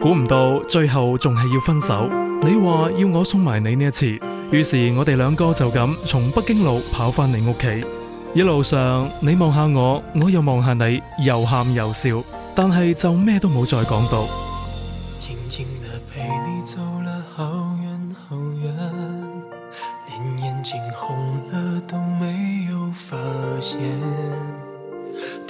估唔到最後仲係要分手，你話要我送埋你呢一次，於是我哋兩個就咁從北京路跑返嚟屋企，一路上你望下我，我又望下你，又喊又笑，但係就咩都冇再講到。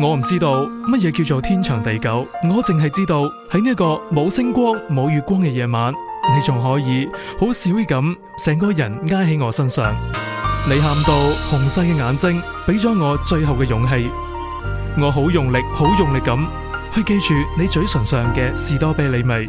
我唔知道乜嘢叫做天長地久，我淨係知道喺呢個冇星光、冇月光嘅夜晚，你仲可以好小咁，成個人挨喺我身上。你喊到紅晒嘅眼睛，俾咗我最後嘅勇氣。我好用力、好用力咁去記住你嘴唇上嘅士多啤梨味。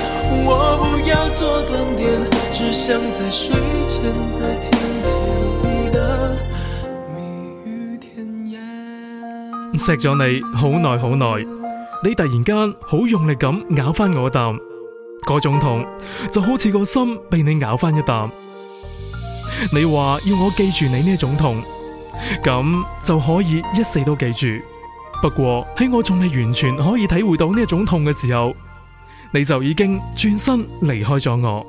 我不要做斷點，只想在睡前再聽見你的蜜語甜言。錫食咗你好耐好耐，你突然間好用力咁咬翻我啖，嗰種痛就好似個心被你咬翻一啖。你話要我記住你呢種痛，咁就可以一世都記住。不過喺我仲未完全可以體會到呢種痛嘅時候，你就已經轉身離開咗我。